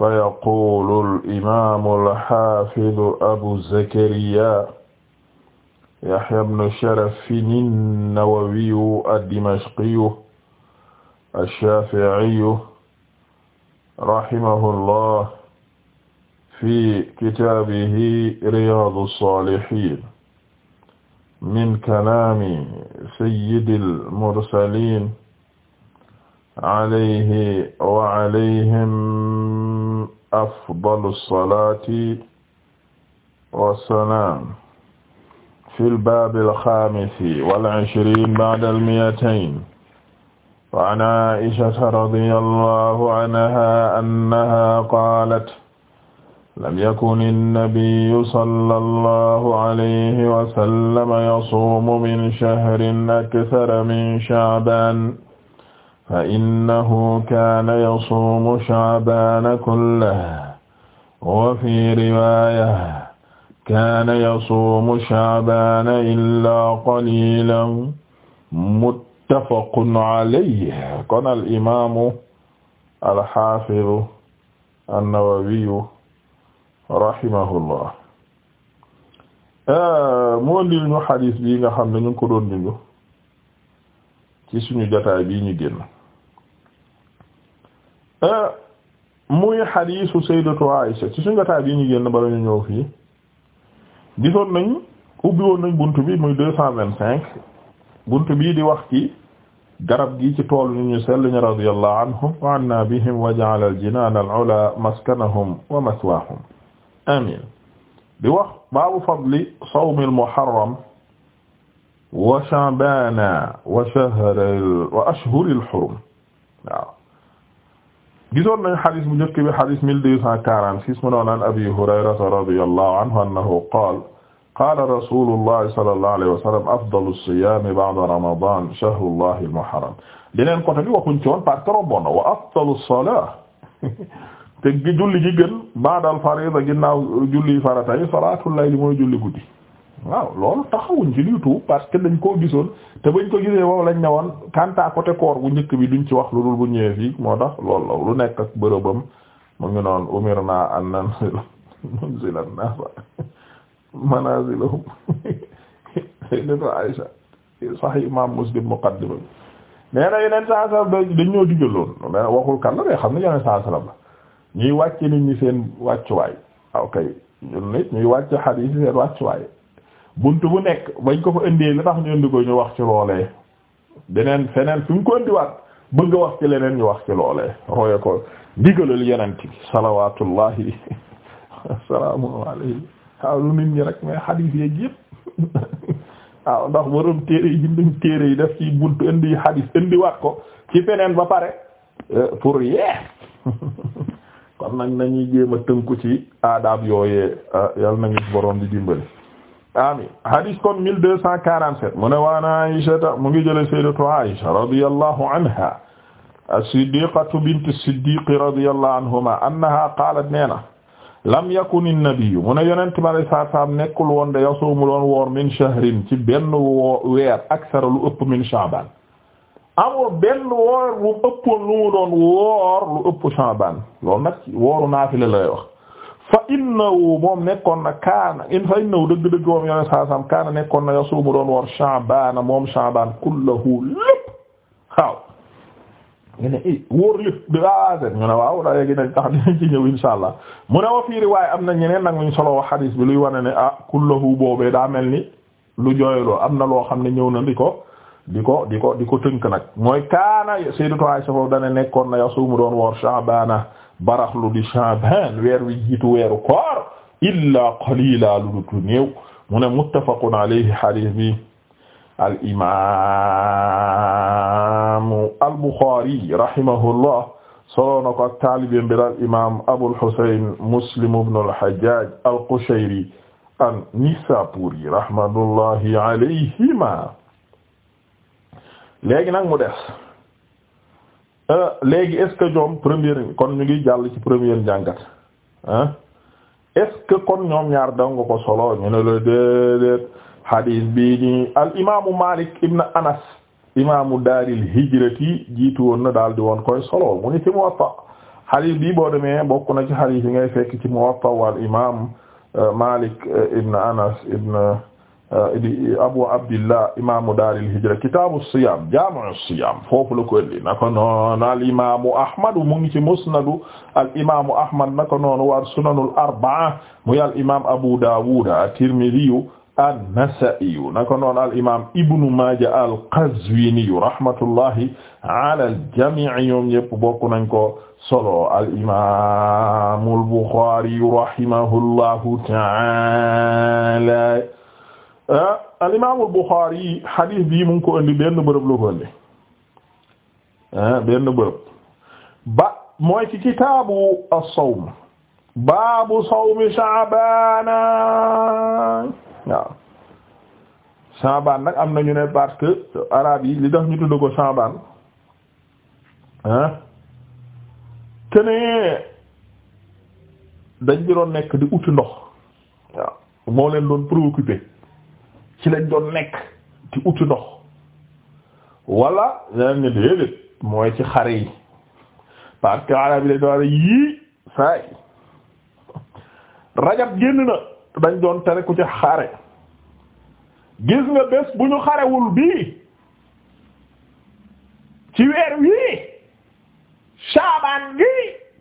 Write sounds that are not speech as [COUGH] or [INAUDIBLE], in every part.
فيقول الإمام الحافظ أبو زكريا يحيى بن شرف النووي الدمشقي الشافعي رحمه الله في كتابه رياض الصالحين من كلام سيد المرسلين عليه وعليهم afdalu salaati wa salaam fil baabil xaamisi wal ishriin ba'dal mi'atayn wa an Aa'ishata radiyallaahu anhaa annahaa qaalat lam yakun an-nabiyyu sallallaahu alayhi wa sallam yasuumu min shahrin akthara min sha'baan fa innahu kaana yasuumu sha'baana kullahu wa fi riwaaya kaana yasuumu sha'baana illaa qaliilan muttafaqun alayhi kon al imaamu al haafidu an-Nawawiyu rahimahullah moo ndil ñu xadiis bi nga xam ne ñu ngi ko doon dund ci suñu jotaay bii ñu génn Euh, muy xadiisu sayyidatu Aisha ci suñu jotaay bi ñu génn bala ñu ñëw fii gisoon nañ ubbi woon nañ bunt bi muy deux cent vingt cinq bunt bii di wax ci garab gi ci tool ñu ñu sell ñu radiyallahu anhum wa anna bihim wa ja'ala al-jinaan al-'ula maskanahum wa maswaahum amin di wax baabu fadli sawmi al-muharram wa sha'bana wa shahril wa ashhuril hurum waaw gisoon nañ xadis bu njëkk bi xadis mille deux cent quarante six mu noon an abi hurayrata radiyallahu anhu annahu qaala qaala rasulullahi sallallahu alayhi wa sallam afdalu siyaami ba'da ramadan shahrullahi al-muharram beneen côté bi waxuñ ci woon parce que rombon na wa afdalu salaat [LAUGHS] te gi julli ji gën ba'da al-fariida ginnaaw julli farata yi salaatul layl mooy julli guddi waaw loolu taxawuñ ci du tout parce que dañ koo gisoon te bañ ko gisee wow lañ ne woon kanta côté koor bu njëkk bi duñ ci wax lu dul bu ñëwee fii moo tax loolu lu nekk ak bërëbam mu ngi noonu umirna an nunzila an-naasa manaazilahum sayyidatu Aisha sahih imam Muslim muqaddima bi nee na yeneen saa sallam dañ ñoo digaloon mais waxul kan la day xam ne yeneen saa sallam la ñuy wàcc nit ñi seen wàccuwaay waaw kay ñun nit ñuy wàcce xadiis yi seen wàccuwaay bunt bu nekk bañ ko fa indee li tax ñu indi ko ñu wax ci loolee beneen feneen fi ñu ko indiwaat bëgg a wax ci leneen ñu wax ci loolee roye ko ndigalal yeneen bi salawatullahi wasalaamu [LAUGHS] alayhi waaw lu nit ñi rek mais xadiis yeeg yëpp [LAUGHS] waaw ndax borom téere yi binduñ téere yi def ci buntu indi xadiis indiwaat ko ci feneen ba pare euh, pour yee [LAUGHS] kon nag nañuy jéem a tënku ci aadaab yooyee euh, yal nañu borom di dimbali amin hadis kon 1247 mu ne waan Aïsata mu ngi jële sayyidatu Aïsa radiyallahu anha as-siddiqatu bint as-siddiq radiyallahu anhuma annaha qalat nee na lam yakun an-nabiyyu mu ne yonent bi alayhi salaatu salaam nekkul woon de yasuumu doon woor min shahrin ci benn woo weer aksara lu ëpp min Sha'baan amul benn woor lu ëpp lu mu doon woor lu ëpp Sha'baan loolu nag wooru naafila lay wax fa innahu moom nekkoon na kaana in fa innahu dëgg-dëgg moom yone saasam kaana nekkoon na yasuumu doon woor Sha'baan moom Sha'baan kullahu lépp waaw nga ne i eh, wóor lépp di asen ñu ne waaw da léegi nañ tax dinañ ci ñëw insha allah mu ne wa fii riwaaya am na ñeneen nag luñ solo wax xadiis bi luy wane ne ah kullahu boobee daa mel ni lu jooyloo am na loo xam ne ñëw na di ko di ko di ko di ko tënk nag mooy kaana Sayyidatu Aysa foofu dane nekkoon na yasuumu doon woor baraxlu di Sha'ban weer wi jiitu weeru koor illa qalila lu dul néew mu ne muttafaqun bi al imaamu al Bukhari rahimahullah solo na ko ak taalibe al imaam Muslim ibn al Hajjaj al Qushayri an Nisapuri rahmatullahi alayhima léegi nag Euh, léegi est-ce que ñoom kon ñu ngi jàll ci première jàngat ah kon ñoom ñaar da nga ko solo ñu ne la déedéet hadis bi nii al imaamu Malik ibn Anas imaamu daaril hijrati jiitu woon na daal di woon koy solo mu ci Muwatta hadis bii boo demee bokk na ci hadis yi ngay fekk ci Muwatta wal imaam euh, Malik euh, ibn Anas ibn. Euh, di Abu Abdillah imaamu daaril hijra kitaabu siyaam jaami'u siyaam foofu la ko indi naka noonu al imaamu Ahmad mu ngi ci musnadu al imaamu Ahmad naka noonu war sunanul arba'a muy al imaam Abu Daawud at-Tirmidhi an-Nasa'i naka noonu al imaam Ibnu Maaja al-Qazwini rahmatullahi ala al-jamii' ñoom ñëpp bokk nañ ko solo al imaamul Buxaari rahimahullahu ta'ala Ah, al imaamul Buxaari xadiis bii mu ngi ko indi benn bërëb la ko indi ah, benn bërëb ba mooy ci kitaabu as-sawm baabu mi Sha'baana waaw Sha'baan nag am na ñu ne parce que araab yi li tax ñu tudd ko Sha'baan ah te dañ di doon nekk di uti ndox waaw moo leen doon préoccupé. ci lañ doon nekk ci uti ndox wala yeneen ne déedéet mooy ci xare yi parce que yi dañ doon yii saay rajab génn na dañ doon tare ku ci xare gis nga bés bu ñu xarewul bi ci weer wii saabaan gi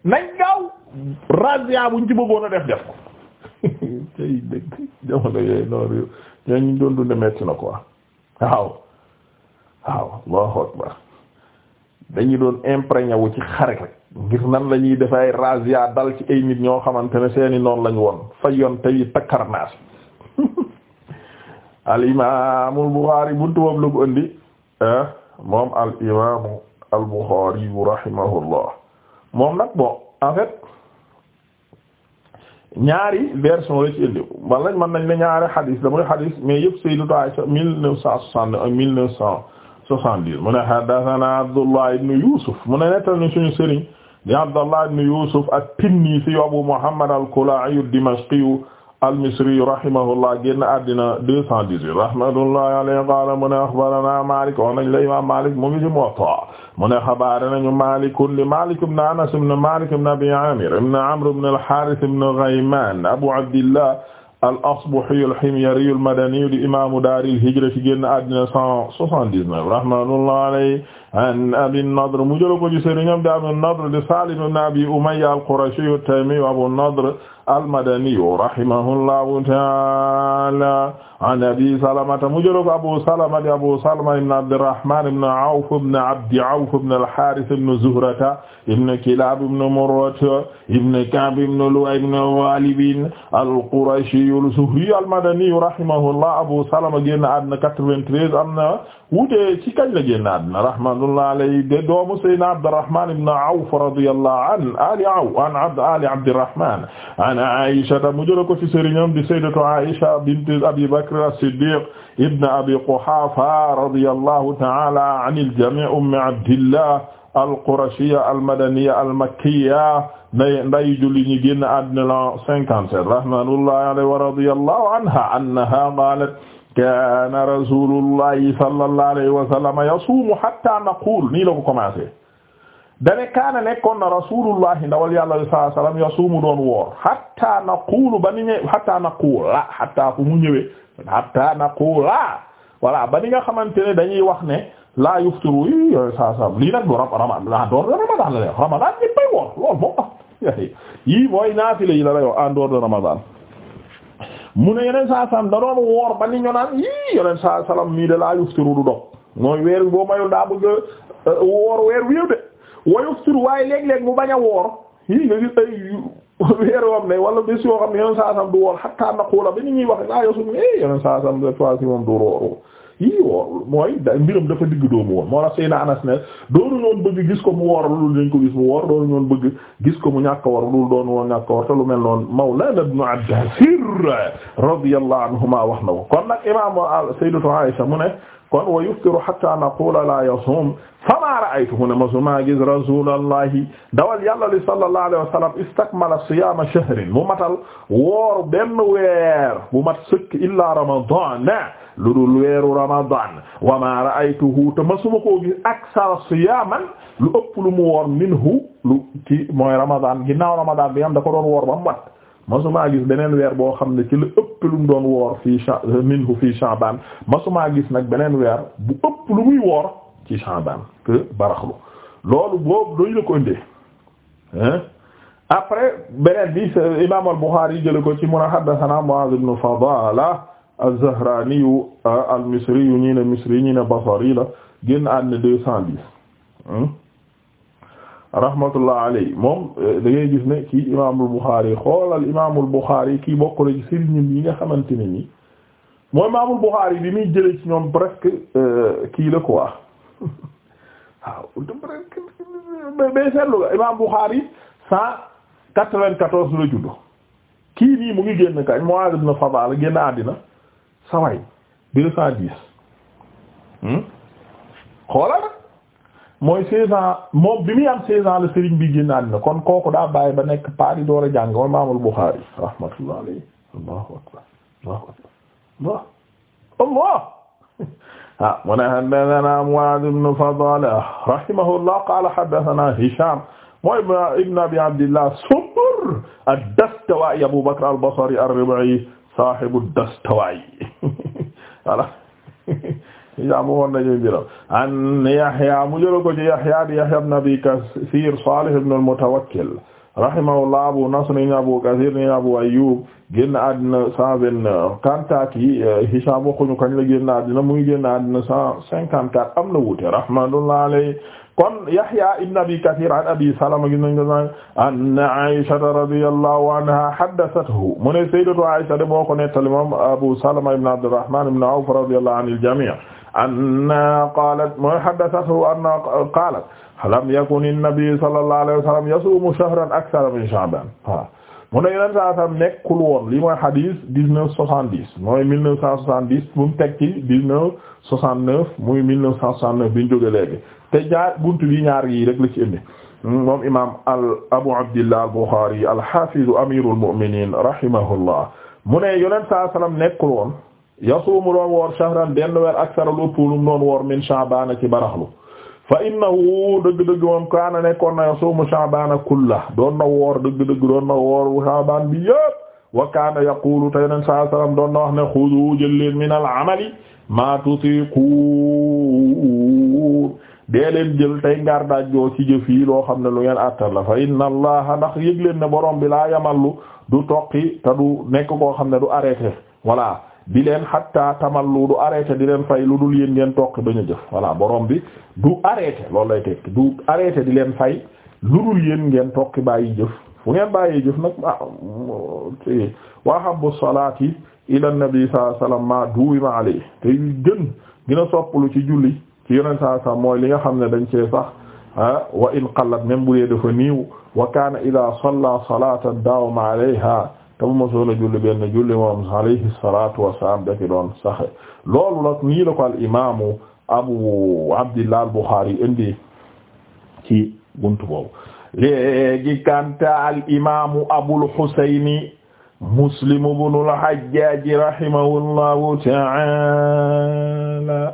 nañ gaaw razia buñ ci bëggoon a def def ko [LAUGHS] tey dëgg jamono yooyu noonu ñooñu doon dund metti na quoi waaw waaw Allahu akbar dañu doon imprégné wu ci xare rek ngir nan lañuy ñuy def ay razzia dal ci ay nit ñoo xamante ne seeni noonu lañu woon fa yoon tey takkarnaas [LAUGHS] al imaamu al Buxaari buntu boobu la bu indi ah, moom al imaamu al Buxaari rahimahullah moom nag bon en ñaari version la ci indi wala mën ne ñaari xadis la muy xadis mais yëpp sayyidatu Aisha mille neuf cent soixante ak mille neuf mu ne haddathana Abdullah ibn Yusuf mu ne nettal ni suñu sëriñ di Abdullah ibn Yusuf at-Tinnisi Abu Muhammad al-Kula'i ad-Dimashqi al-Misri rahimahullah génn àddina deux cent dix-huit rahmatullahi alayhi qala mu ne Malik wax nañ imam Malik mu ngi ci mu ne xabaaranañu malikun di malik ibn anas ibn malik ibn abi amir ibn amr ibn al-harith ibn ghayman abu abdillah al-asbahi al-himyari al-madani di imamu daar al-hijra ci génn àddina cent soixante-dix-neuf rahmatullah alayhi an Abi Nadr mu jël ko ci sëriñam di Abi Nadr di Salim ibn Abi Umayya al-Qurashi at-Taymi Abu Nadr al-Madani rahimahullahu ta'ala an Abi Salamata mu jël ko Abu Salama di Abu Salama ibn Abdirrahman ibn Awf ibn Abdi Awf ibn al-Harith ibn Zuhrata ibn Kilab ibn Murrata ibn Ka'b ibn Lu'ay ibn Ghalib al-Qurashi al-Zuhri al-Madani rahimahullah Abu Salama génn àddina 93 am na wutee ci kañ la génn àddina rahmatullah alayhi de doomu Seydina Abdurrahman ibn Awf radiyallahu an ali Awf an abd ali Abdurrahman an Aïcha mu jël ko ci sëriñam di Sayyidatu Aïcha bint Abi Bakr as-Siddiq ibn Abi Quhafa radiyallahu ta'ala anil jami' ummi Abdillah al-Qurashiyya al-Madaniyya al-Makkiyya nday nday julli ñi génn àddina la 57 rahmatullah alayha wa radiyallahu anha annaha qalat kaana rasulullahi sallallahu alayhi wa sallam yasuumu hatta naqul nii la ko dane kaana nekkoon na rasulullahi ndawal yàlla sallallahu alayhi wa sallam yasuumu doon woor hatta naqulu ba ni fu mu ñëwee hatta naqula voilà ba ni nga xamante ne dañuy wax ne la yuftiru yi yooyu saa saa lii nag du ramadan la de ramadan la leen ramadan ñëpp bay woor loolu moom [LAUGHS] yii naafile yi la la yoo de ramadan mun ne yeneen saa salaam da doon woor ba ni ñu naan yii yeneen saa salaam mii de laa yuftiru du dog mooy weer boo mayul daa bëgg euh, woor weer wi de wa yuftiru waaye léeg-léeg mu bañ a woor yii nga gis ay [LAUGHS] weer yoo xam ne wala bés yoo xam ne yeneen saa salaam du woor hatta naqula ba ni ñuy wax laa ah, yosu eh yeneen saa salaam de fois si moom kii woo mooy mbiram dafa digg doomu woon moo tax Seydina Anas ne doonu ñoon bëgg gis ko mu woor lu dañ ko gis mu woor doonu ñoon bëgg gis ko mu ñàkk woor lu doon woon ñàkk woor te lu mel noonu Mawlana Ibn Abbas radiyallahu anhuma wax na ko kon nag imam Sayyidatu Aisha mu ne kon wa yuftiru hatta naqula la yasum fama ra'aytu mu ne masuma gis rasulallahi dawal yàlla li sallallahu alayhi wa sallam istakmala siyama shahrin mu matal woor benn weer bu mat sëkk illa ramadan lu dul weeru ramadan wa ma ra'aytuhu te masuma koo gis aksar siyaman lu ëpp lu mu woor minhu lu ci mooy ramadan ginnaaw ramadan bi am da ko doon woor ba mu wat masumaa gis beneen weer boo xam ne ci lu ëpp lu mu doon woor fii cha euh, minhu fii Sha'ban masumaa gis nag beneen weer bu ëpp lu muy woor ci Sha'ban que baraxlu loolu boobu dañu la ko indee après beneen bi imam al-Bukhari jële ko ci mun a haddathana Mu'adh ibn Fadala az-Zahraaniyu al-Misriyu ñi ne Misri ñi ne Basri la génn àddina deux cent dix hmm? rahmatullah alayhi moom eh, da ngay gis ne kii imaamul Buxaari xoolal imaamul Buxaari kii bokk na ci sëriñ yi nga xamante ne nii mooy imaamul Buxaari bi muy jëlee ci ñoom presque eh, kii la quoi [LAUGHS] waaw presque bay seetlu nga imaam cent quatre-vingt-quatorze la judd kii nii mu ngi génn kañ Muaaz ibn Fadal génn àddina saway deux cent hmm? mooy seize ans bi muy am la Serigne bi génn àddina kon kooku daa bàyyi ba nekk paa di door a jàng mooy Imaamul Buxaari rahmatullah alayhi allahu akbar allahu akbar allah allah [LAUGHS] ah mu ne haddathana Mu'aaz ibn Fadala rahimahullah qaala haddathana mooy ibn Abi Abdillah Subur ad-Dastuwaa'i Abu Bakr al-Basri ar-Rib'i saahibu Dastawaay voilà jaamu woon nañu biram an Yahya mu jëla ko Yahya di Yahya ibn Kathir Salih ibn al-Mutawakkil rahimahullah Abu Nasr ni Abu Kathir ni Abu Ayyub génn àddina cent vingt-neuf kantaak yi Hisham waxuñu kañ la génn àddina mu ngi am na wuute rahmatullah alayhi kon Yahya ibn Abi Kathir an Abi Salama gis nañ ko sànq anna Aisha radiyallahu anha haddathathu mu ne sayyidatu Aisha de moo ko nettali moom Abu Salama ibn Abdurrahman ibn Awf radiyallahu anil jami' anna qalat mo haddathathu anna qalat lam yakun an-nabi sallallahu alayhi wa sallam yasumu shahran akthara min Sha'ban mu ne yeneen saa tam nekkul woon lii mooy xadis dix neuf soixante dix mooy mille neuf cent soixante dix bu mu teg ci dix neuf soixante neuf muy mille neuf cent soixante neuf bi ñu jógee léegi te ñaar buntu bi ñaar yi rek la ci abu abdillah al buxaari al hafiz amirul mu'minin rahimahullah mu ne yonent saa salaam nekkul woon yasuumu doon shahran benn weer aksara lu ëpp lu mu doon woor min sha'baan ci baraxlu fa innahu dëgg-dëgg moom kaana nekkoon na yasuumu sha'baan kulla doon na woor dëgg-dëgg doon na woor sha'baan bi yëpp wa kaana yaqulu te yonent salaam doon na wax ne dee leen jël tey ngar daajoo ci jëf yi loo xam ne lu ngeen àttal la fa inna allaha ndax yëg leen ne borom bi laa yamallu du toqi te du nekk koo xam ne du arrêté voilà di leen hatta tamallu du arrêté di leen fay lu dul yéen ngeen toqi bañ a jëf borom bi du arrêté loolu lay di leen fay lu dul yéen ngeen toqi bàyyi jëf fu ngeen bàyyi jëf nag ah wa habbu salaati ila nabi sallallahu alayhi wasallam ma duwima alayhi te gën dina sopplu ci julli ci yonent saa saa mooy li nga xam ne dañ cee sax ah wa in qallat même bu dee dafa niiw wa kaana idaa salla salaatan daawama alayha te bu mosoon a julli benn julli moom alayhi salaatu wa salaam dafi doon saxe loolu nag nii la ko al imaamu abu abdillah al buxaari indi ci buntu boobu. léegi kanta al imaamu abul xusayni muslim ibnul hajjaaj rahimahullahu ta'aala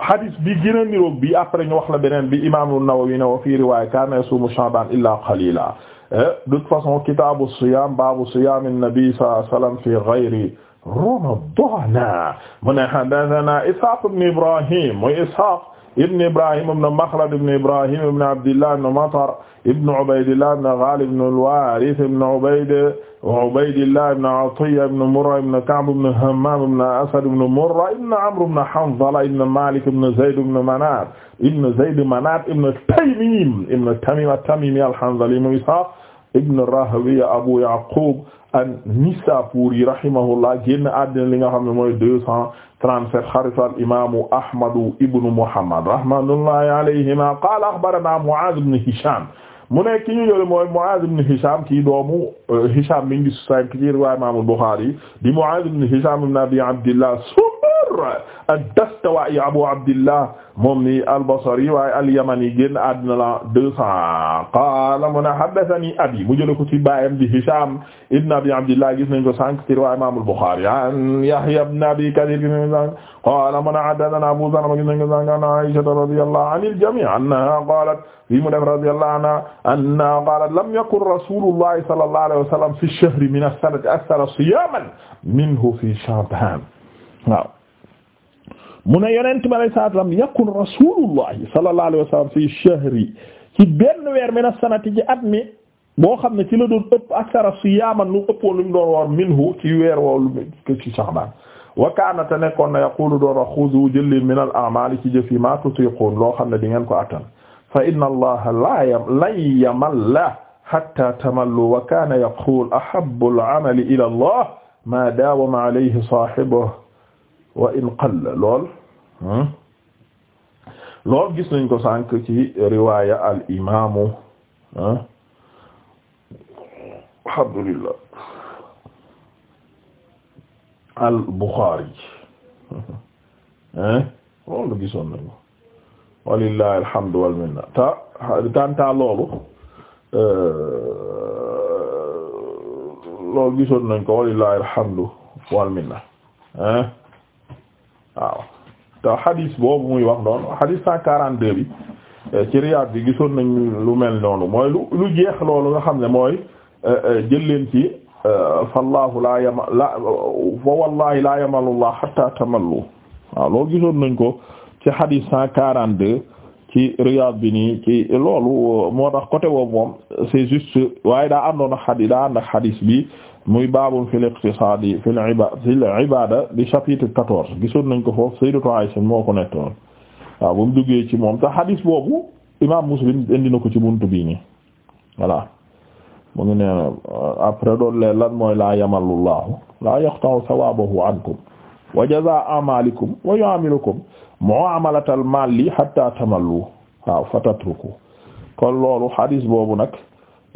hadis bi gën a niroog bi après ñu wax la beneen bi imam an-Nawawi ne wa fi riwaaya kaana yasuumu Sha'baan illaa qaliila eh, de toute façon kitaabu siyaam baabu siyaam an-nabi sallallahu alayhi wa sallam fi ghayri ramadaana mu ne haddasanaa Ishaaq ibn Ibraahiim mooy Ishaaq ibn Ibraahiim ibn Makhlad ibn Ibraahiim ibn Abdillah ibn Matar ibn Ubaydillah ibn Ghaalib ibn al-Waarith ibn Ubayd Ubaydillah ibn Atiyya ibn Murra ibn Ka'b ibn Hammam ibn Asad ibn Murra ibn Amr ibn Hanzala ibn Malik ibn Zayd ibn Manat ibn Zayd Manat ibn Taymim ibn Tamim at-Tamimi al-Hanzali Ishaq ibn Rahawayh Abu Ya'qub an-Nisapuri rahimahullah génn àddina li nga xam ne mooy deux cent trente-sept xaritu al-imaamu Ahmadu ibnu Muhammad rahmatullahi alayhima qaala axbaranaa Mu'aaz ibn Hishaam mu ne ki ñu jële mooy Muaz ibn Hisham kii doomu euh, Hisham mi ngi sànq ci riwaaya Imam Bukhari di Muaz ibn Hisham ibn Abi Abdillah Sumar ad-Dastuwaa'i Abu Abdillah moom ni al-Basri waaye al-Yamani génn àddina la deux cent mu ne haddathani abi mu jële ko ci baayam Hisham ibn Abi Abdillah gis nañ ko sànq ci riwaaya Imam an Yahya ibn Abi Kathir qaala mu ne haddathana Abu Zarr ma gis nañ ko sànqal naa Aisha radiyallahu anil jamii annaha qaalat fii mu def radiyallahu anha annaha qaalat lam yakun rasulullahi sallallahu alayhi wa sallam fi shahri min as-sanati akthara siyaaman minhu fi Sha'baan waaw mu ne yonent bi alayhi salaatu wa salaam yakun rasulullahi sallallahu alayhi wa sallam fi shahri ci benn weer min as-sanati ci at mi boo xam ne ci la doon ëpp akthara siyaaman lu ëppoon lu mu doon war minhu ci weer woo lu ci Sha'baan wa kaana te nekkoon na yaqulu doon wax xuzu jël leen min al a'maali ci jëf yi maa tutiquun loo xam ne di ngeen ko attan fa inna allaha laa lan yamalla hatta tamallu wa kaana yaqul ahabbu al amali ila allah ma daawama alayhi saahibuhu wa in qalla lool hmm? lool gis nañ ko sànq ci riwaaya al imaamu hmm? alhamdulillah al Bukhari loolu eh? gisoon nañu walillahi alhamdu wal minna ta loolu loolu gisoon nañ ko walillahi alhamdu wal minna eh, eh? waaw te xadis boobu muy wax noonu xadis cent quarante deux bi ci Riyad bi gisoon nañ lu mel noonu mooy lu lu jeex loolu nga xam ne mooy jël leen ci fallaahu laa yama la fa wallaahi laa yamalullah hatta tamallu waaw loolu gisoon nañ ko ci hadith cent quarante deux ci Riyad bi nii ci loolu moo tax côté boobu moom c'est juste waaye daa àndoon ak hadith daa ànd ak hadith bi muy baabun fil iqtisaadi fil iba fil ibaada di chapitre quatorze gisoon nañ ko foofu Sayyidatu Aisha moo ko nettoon waaw ba mu duggee ci moom te hadith boobu imaam Muslim indi na ko ci buntu bii nii voilà. mu ngi ne euh, après doon leen lan mooy laa yamallullahu laa yaqta'u thawabahu ankum wa jazaa amalikum wa yu'amilukum mu'amalatal mali hatta tamallu waaw fatatruku kon loolu hadis boobu nag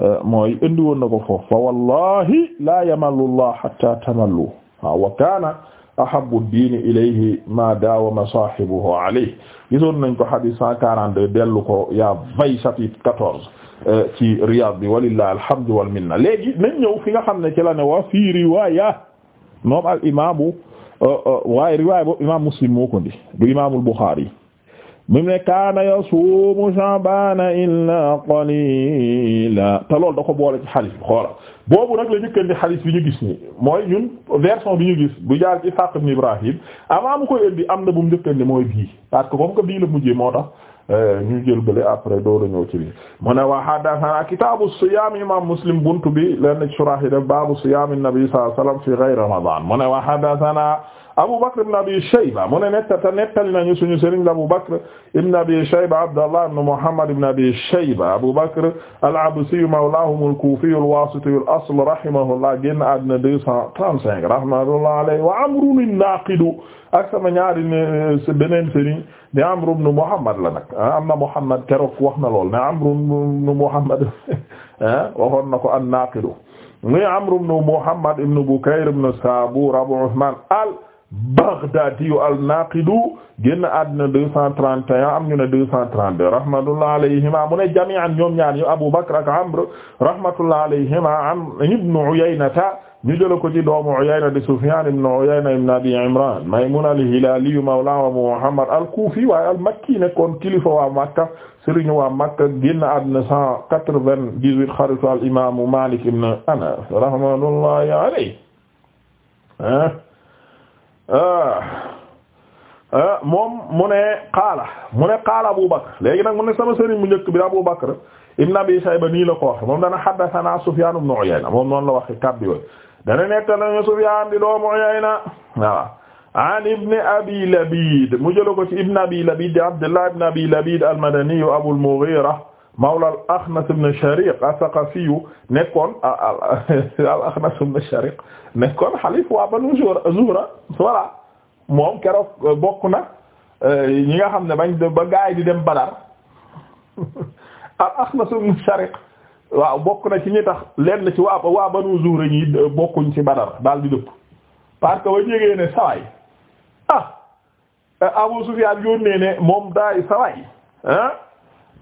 euh, mooy indi woon na ko foofu fa wallahi laa yamallullahu hatta tamallu waaw wa kaana ahabbu diini ilayhi ma daawama saahibuhu alayhi gisoon nañ ko hadis 142 dellu ko yaa vay chapitre 14 Euh, ci Riyad bi walillahi alhamdu wal minna léegi nañ ñëw fi nga xam ne ci la wa fii riwaya moom al imaamu euh, euh, waaye riwaaya boobu imaam Muslim moo ko indi du imaamul mu ne kaana yasuumu Sha'baana illaa qaliila te loolu da ko boole ci xadis bi boobu nag la njëkkan di xadis bi ñu gis nii mooy ñun version bi ñu gis bu jaar ci Isaaq ibn Ibrahim avant koy indi na bu mu njëkkan di mooy bii parce que comme que bii la mujjee Euh, ñu jël bële après doolu ñëw ci bi mu ne wa haddathana kitaabu siyaam imam muslim buntu bi lenn surah yi def baabu siyaam nabi sallallahu alayhi wasallam fi ghayri ramadan mu ne wa haddathana Abu Bakr ibn Abi Shayba mu ne nettata nettali nañu suñu sëriñ la Abu Bakr ibn Abi Shayba Abdallah ibn Muhammad ibn Abi Shayba Abu Bakr al-Absi mawlahum al-Kufi al-Wasiti al-asl rahimahullah génn àddina deux cent trente-cinq rahmatullah alayhi wa Amrun an-Naqid ak sama ñaari euh, beneen sëriñ ne Amr ibn Muhammad la nag ah, am na Muhammad keroog wax na lool ne Amr ibn Muhammad [LAUGHS] ah, waxoon na ko an-Naaqid muy Amr ibn Muhammad ibn Bukayr ibn Saabur Abu Usmaan al-Baghdaadi an-Naaqid génn àddina deux cent trente et un am ñu ne deux cent trente-deux rahmatullah alayhima mu ne jamii'an ñoom ñaar ñu Abu Bakr ak Amr rahmatullah alayhima am Ibn Uyaynata ñu jël ko ci doomu Uyayna di Sufyan ibn Uyayna ibn Abi Imran Maymun al-Hilali mawla Muhammad al-Kufi waaye al-Makki nekkoon kilifa waa Makka sëriñ waa Makka génn àdduna cent quatre-vingt-dix-huit al-imaamu Malik ibn Anas rahmatullahi alayhi moom mu ne mu ne qaala Abu Bakr léegi nag mu ne sama sëriñ mu njëkk bi Abu Bakr Ibn Abi Shayba nii la ko wax moom dana haddathana Sufyan ibn Uyayna moom noonu la waxee kàddu yooyu dana nekk nañu Sufyan di doomu Uyayna waaw an Ibn Abi Labid mu jël ko ci Ibn Abi Labid di Abdullah ibn Abi Labid al-Madani Abu al-Mughira mawla al-Akhnas ibn Shariq ath-Thaqafi nekkoon al-Akhnas ibn Shariq nekkoon xalif waa Banu Zuhra voilà moom keroog bokk na eh, ñi nga xam ne bañ ba gaay di dem Badar [LAUGHS] al Axnas ibn Shariq waaw bokk na ci ñi tax lenn ci waa ba waa Banu Zuhra yi bokkuñ ci Badar daal di dëpp parce que ba jegee ne sawaay ah Abu Sufyaan yónnee ne moom daay sawaay ah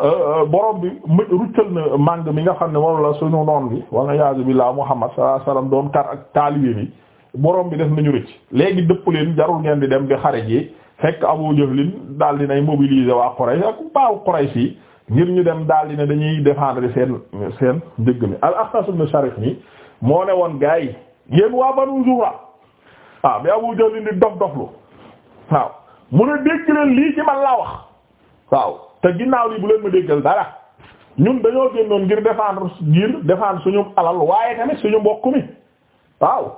euh, borom bi mën ruccal na màng mi nga xam ne moom la suñu noon bi wala yaazu billah Muhammad sallallahu alayhi wasallam doon kar ak taalibe bi borom bi def nañu rëcc léegi dëpp leen jarul ngeen di dem di xare ji fekk Abu Jahlin daal di nay mobiliser waa Quraysh ak baaw Quraysh yi ngir ñu dem daal di ne dañuy défendre seen seen njëgg mi al Axnas ibn Sharif nii moo ne woon gaa yi yéen waa Banu Zuhra waaw bi Abu Jahl di dof doflu waaw mu ne dégg lii ci man laa wax waaw te ginnaaw lii bu leen ma déggal dara ñun dañoo génnoon ngir défendre ngir défendre suñu alal waaye tamit suñu mbokk mi waaw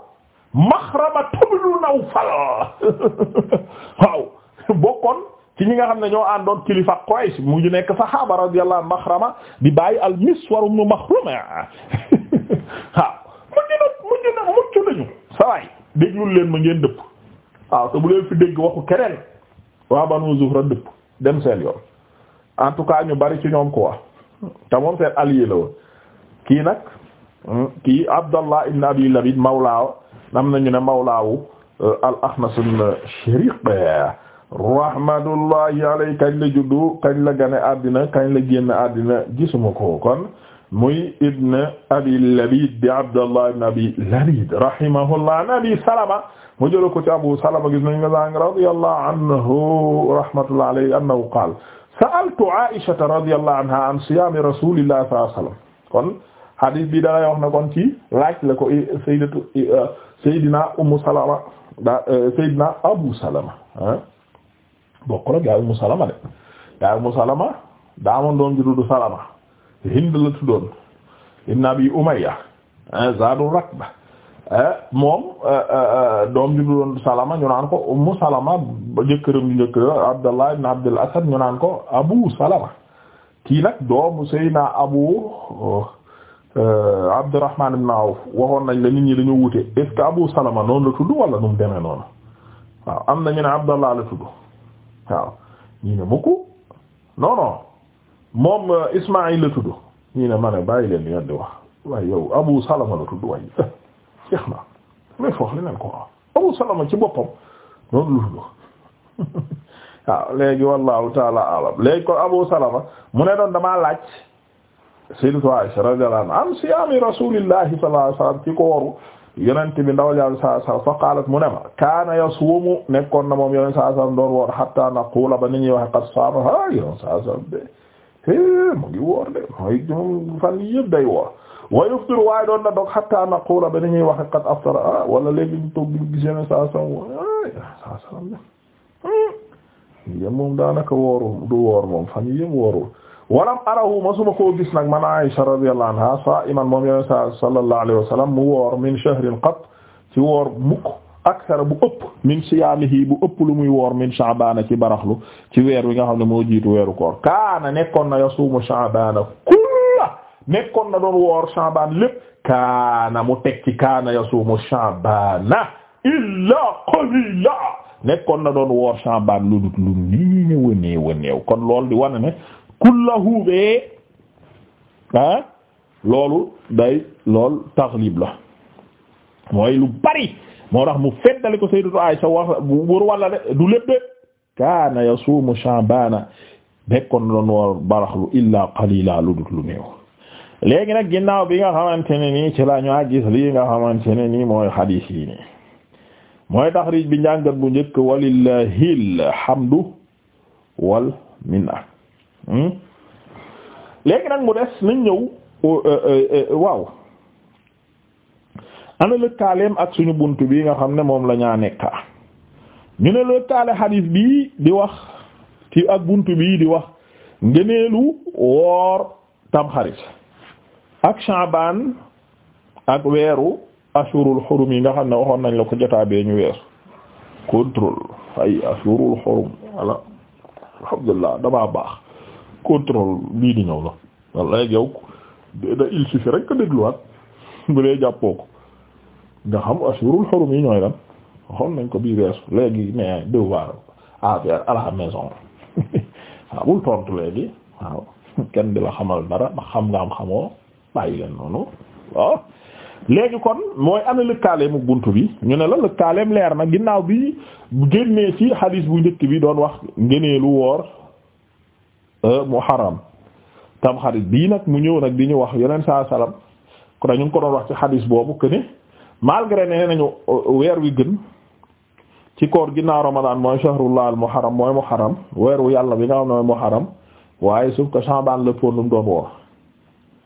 Maxrama ibn Nawfal [LAUGHS] waaw bokkoon ci ñi nga xam ne ñoo àndoon kilifa Quraysh mu ñu nekk saxaaba radiyallahu anhu Maxrama di bàyyi al-Miswar ibn Maxrama [LAUGHS] waaw mujj na mujj na mucc nañu sa waay déglul leen mu ngeen dëpp waaw te bu leen fi tout cas ñu bari ci ñoom quoi te moom seen allié la woon kii nag hmm, kii Abdallah ibn Abi Labid mawlaaw am nañu ne mawlaawu euh, al-Axnas ibn Shariq rahmatullahi alayhi kañ la juddu kañ la gane addina kañ la génn addina gisuma ko kon muy ibn abi labid di abdallah ibn abi labid rahimahullah an abi salama mu jëla ko ci abu salama gis nañ nga sang radiyallahu anhu rahmatullahi alayhi annahu qaala sa'altu aishata radiyallahu anha an siyaami rasulillahi sallallahu alayhi wasallam kon hadis bi dalay wax na kon ci laaj la ko sayyidatu sayyidina ummu salama da sayyidina abu salama ah. bokkul ak yaay Umu Salama de yaay Umu Salama daa amoon doom ju tuddu Salama Hind la tuddoon ibn Abi Umayya ah, Zaadu Rakba eh, moom eh, eh, doom ju tuddoon Salama ñu naan ko Ummu Salama jëkkër Abdallah ibn Abdul Asad ñu naan ko Abu Salama kii nag doomu Seydina Abu oh, Abdurrahman ibn Awf waxoon nañ la nit ñi dañu wute est Abu Salama noonu la tudd wala nu demee noonu waaw am na ñu ne Abdallah la tudd waaw ñii ne mukk non moom euh, Ismaïl la tudd ñii ne ma ne bàyyi leen yoon di wax waaye yow Abu Salama la tudd waaye [LAUGHS] jeex na mais foofu li leen ko wax Abu Salama ci boppam noonu la tudd [LAUGHS] waaw léegi wallahu taala alam léegi kon Abu Salama mu ne doon damaa laaj Sayyidatu Aisha radiyallahu anha am siyaami rasuulillahi sallallahu ci ko woru yonent bi ndaw yàlla saa saa mu ne ma kaana yasuumu nekkoon na moom yonent saa saa doon ba ni ñuy wax qad saama ah yonent saa mu ngi woor de mooy moom fan yii wa yuftir waaye doon na ba ni ñuy wax qad aftara ah wala léegi ñu toog ñu gis yonent saa saa woor ah yonent saa saa hmm, daanaka wooru du woor moom fan yii yëpp walam arahu masuma koo gis nag man Aisha radiyallahu anha sa'iman moom yoneen sa sallallahu mu woor min shahrin qat ci woor mukk akthar bu ëpp min siyaamihi bu ëpp lu muy woor min sha'bana ci lu ci weer wi nga xam ne moo jiitu weeru koor kaana nekkoon na yasuumu sha'bana kulla nekkoon na doon woor sha'ban lépp kaana mu tekki ci kaana yasuumu sha'bana illa qalila nekkoon na doon woor sha'ban lu dul lu néew a néew a néew kon loolu di wane ne kullahu bee ah loolu day lool taxlib la mooy lu bari moo tax mu feddali ko sayyidatu Aisha wax bu walla de du lépp de kaana yasuumu Sha'baana bekkoon doon war baraxlu illaa qalila lu dut lu néew léegi nag ginnaaw bi nga xamante ne nii ci la ñu gis lii nga xamante ne nii mooy xadiis yi nii mooy taxriij bi njàngat bu njëkk walillahil hamdu wal minna Hmm? léegi nag mu des nañ ñëw euh, euh, euh, waaw ana lëkkaaleem ak suñu bunt bi nga xam ne moom lañaa ñaa nekka ñu ne lëkkaale xadiis bii di wax ki ak bunt bii di wax ngëneelu woor tamxarit ak Shaaban ak weeru ashurul xurum yi nga xam ne waxoon nañ la ko jotaa bee ñu weer contrôle ay ashurul xurum walla alhamdulillah damaa baax contrôle bii di ñëw la walla yow da il suffit rek ko dégluwaat bu dee jàppoo ko nga xam assurul xorum yi ñooy lan waxoon nañ ko bii weesu léegi mais devoir à faire à la maison [LAUGHS] waaw bul tontu léegi waaw kenn di la xamal dara ndax xam nga am xamoo bàyyi leen noonu waaw léegi kon mooy ana lëkkaaleemu bunt bi ñu ne la lëkkaaleem leer na ginnaaw bi génnee ci hadis bu njëkk bi doon wax lu woor Euh, muharram tamxarit bii nag mu ñëw nag di ñu wax yeneen saa salaam kon ñu ngi ko doon wax ci xadis boobu que ne malgré ne nañu euh, weer wi gën ci koor ginnaaw ramadan mooy shahrullah al muharram mooy muharram weer wu yàlla bi nga xam ne mooy muharram waaye suuf ko Sha'ban la pour lu mu doon woor